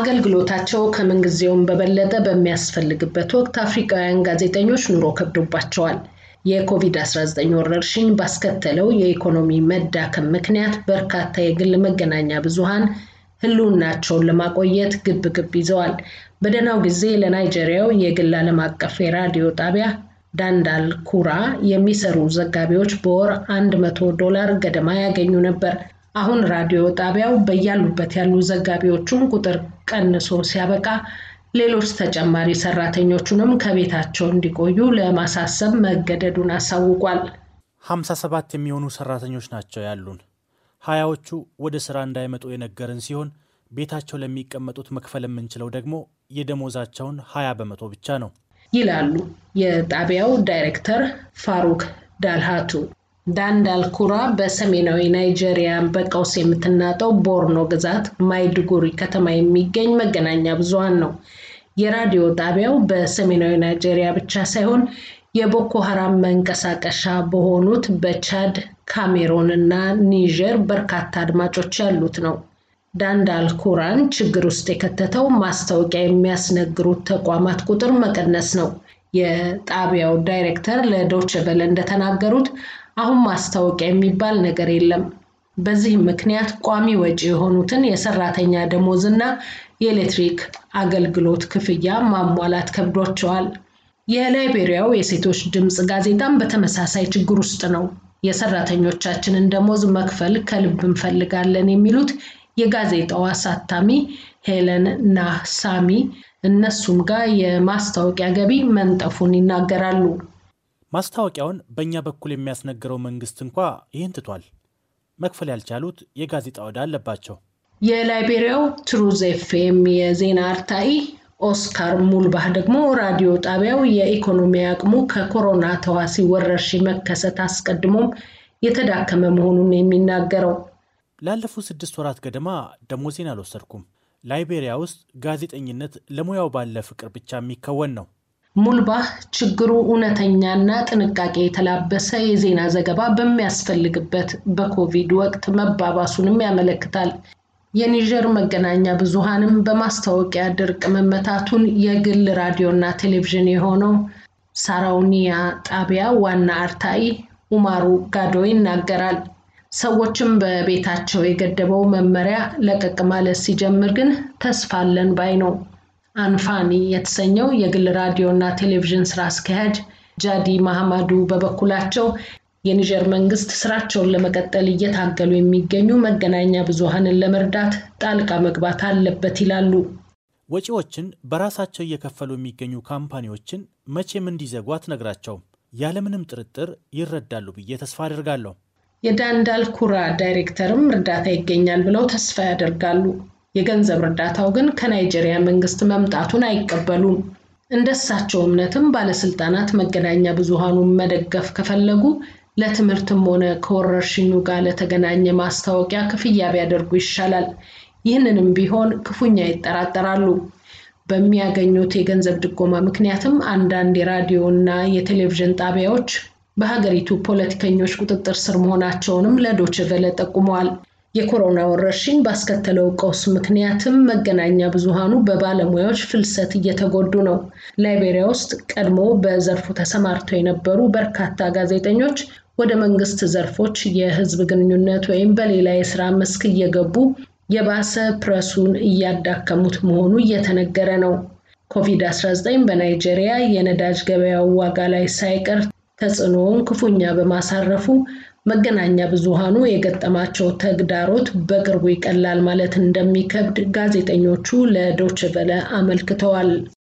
አገልግሎታቸው ከምንጊዜውም በበለጠ በሚያስፈልግበት ወቅት አፍሪካውያን ጋዜጠኞች ኑሮ ከብዶባቸዋል። የኮቪድ-19 ወረርሽኝ ባስከተለው የኢኮኖሚ መዳከም ምክንያት በርካታ የግል መገናኛ ብዙሃን ህልውናቸውን ለማቆየት ግብ ግብ ይዘዋል። በደህናው ጊዜ ለናይጄሪያው የግል ዓለም አቀፍ የራዲዮ ጣቢያ ዳንዳል ኩራ የሚሰሩ ዘጋቢዎች በወር 100 ዶላር ገደማ ያገኙ ነበር። አሁን ራዲዮ ጣቢያው በያሉበት ያሉ ዘጋቢዎቹን ቁጥር ቀንሶ ሲያበቃ ሌሎች ተጨማሪ ሰራተኞቹንም ከቤታቸው እንዲቆዩ ለማሳሰብ መገደዱን አሳውቋል። 57 የሚሆኑ ሰራተኞች ናቸው ያሉን። ሀያዎቹ ወደ ስራ እንዳይመጡ የነገርን ሲሆን ቤታቸው ለሚቀመጡት መክፈል የምንችለው ደግሞ የደሞዛቸውን 20 በመቶ ብቻ ነው ይላሉ የጣቢያው ዳይሬክተር ፋሩክ ዳልሃቱ። ዳንዳል ኩራ በሰሜናዊ ናይጄሪያ በቀውስ የምትናጠው ቦርኖ ግዛት ማይድጉሪ ከተማ የሚገኝ መገናኛ ብዙሃን ነው። የራዲዮ ጣቢያው በሰሜናዊ ናይጄሪያ ብቻ ሳይሆን የቦኮ ሀራም መንቀሳቀሻ በሆኑት በቻድ፣ ካሜሮን እና ኒጀር በርካታ አድማጮች ያሉት ነው። ዳንዳልኩራን ችግር ውስጥ የከተተው ማስታወቂያ የሚያስነግሩት ተቋማት ቁጥር መቀነስ ነው። የጣቢያው ዳይሬክተር ለዶች በለ እንደተናገሩት አሁን ማስታወቂያ የሚባል ነገር የለም። በዚህ ምክንያት ቋሚ ወጪ የሆኑትን የሰራተኛ ደሞዝ እና የኤሌክትሪክ አገልግሎት ክፍያ ማሟላት ከብዷቸዋል። የላይቤሪያው የሴቶች ድምፅ ጋዜጣም በተመሳሳይ ችግር ውስጥ ነው። የሰራተኞቻችንን ደሞዝ መክፈል ከልብ እንፈልጋለን የሚሉት የጋዜጣው አሳታሚ ሄለን ሳሚ እነሱም ጋር የማስታወቂያ ገቢ መንጠፉን ይናገራሉ። ማስታወቂያውን በእኛ በኩል የሚያስነግረው መንግስት እንኳ ይህን ትቷል። መክፈል ያልቻሉት የጋዜጣ ወዳ አለባቸው። የላይቤሪያው ትሩዝ ኤፍኤም የዜና አርታኢ ኦስካር ሙልባህ ደግሞ ራዲዮ ጣቢያው የኢኮኖሚ አቅሙ ከኮሮና ተዋሲ ወረርሽኝ መከሰት አስቀድሞም የተዳከመ መሆኑን የሚናገረው ላለፉት ስድስት ወራት ገደማ ደሞዜን አልወሰድኩም ላይቤሪያ ውስጥ ጋዜጠኝነት ለሙያው ባለ ፍቅር ብቻ የሚከወን ነው። ሙልባህ ችግሩ እውነተኛና ጥንቃቄ የተላበሰ የዜና ዘገባ በሚያስፈልግበት በኮቪድ ወቅት መባባሱንም ያመለክታል። የኒጀር መገናኛ ብዙሃንም በማስታወቂያ ድርቅ መመታቱን የግል ራዲዮና ቴሌቪዥን የሆነው ሳራውኒያ ጣቢያ ዋና አርታኢ ኡማሩ ጋዶ ይናገራል። ሰዎችም በቤታቸው የገደበው መመሪያ ለቀቅ ማለት ሲጀምር ግን ተስፋ አለን ባይ ነው። አንፋኒ የተሰኘው የግል ራዲዮ እና ቴሌቪዥን ስራ አስኪያጅ ጃዲ ማህማዱ በበኩላቸው የኒጀር መንግስት ስራቸውን ለመቀጠል እየታገሉ የሚገኙ መገናኛ ብዙሀንን ለመርዳት ጣልቃ መግባት አለበት ይላሉ። ወጪዎችን በራሳቸው እየከፈሉ የሚገኙ ካምፓኒዎችን መቼም እንዲዘጉ አትነግራቸውም። ያለምንም ጥርጥር ይረዳሉ ብዬ ተስፋ አድርጋለሁ። የዳንዳልኩራ ዳይሬክተርም እርዳታ ይገኛል ብለው ተስፋ ያደርጋሉ። የገንዘብ እርዳታው ግን ከናይጄሪያ መንግስት መምጣቱን አይቀበሉም። እንደሳቸው እምነትም ባለስልጣናት መገናኛ ብዙሃኑን መደገፍ ከፈለጉ ለትምህርትም ሆነ ከወረርሽኙ ጋር ለተገናኘ ማስታወቂያ ክፍያ ቢያደርጉ ይሻላል። ይህንንም ቢሆን ክፉኛ ይጠራጠራሉ። በሚያገኙት የገንዘብ ድጎማ ምክንያትም አንዳንድ የራዲዮ እና የቴሌቪዥን ጣቢያዎች በሀገሪቱ ፖለቲከኞች ቁጥጥር ስር መሆናቸውንም ለዶች ቨለ ጠቁመዋል። የኮሮና ወረርሽኝ ባስከተለው ቀውስ ምክንያትም መገናኛ ብዙሃኑ በባለሙያዎች ፍልሰት እየተጎዱ ነው። ላይቤሪያ ውስጥ ቀድሞ በዘርፉ ተሰማርተው የነበሩ በርካታ ጋዜጠኞች ወደ መንግስት ዘርፎች የህዝብ ግንኙነት ወይም በሌላ የስራ መስክ እየገቡ የባሰ ፕረሱን እያዳከሙት መሆኑ እየተነገረ ነው። ኮቪድ-19 በናይጄሪያ የነዳጅ ገበያው ዋጋ ላይ ሳይቀር ተጽዕኖውን ክፉኛ በማሳረፉ መገናኛ ብዙሃኑ የገጠማቸው ተግዳሮት በቅርቡ ይቀላል ማለት እንደሚከብድ ጋዜጠኞቹ ለዶችቨለ አመልክተዋል።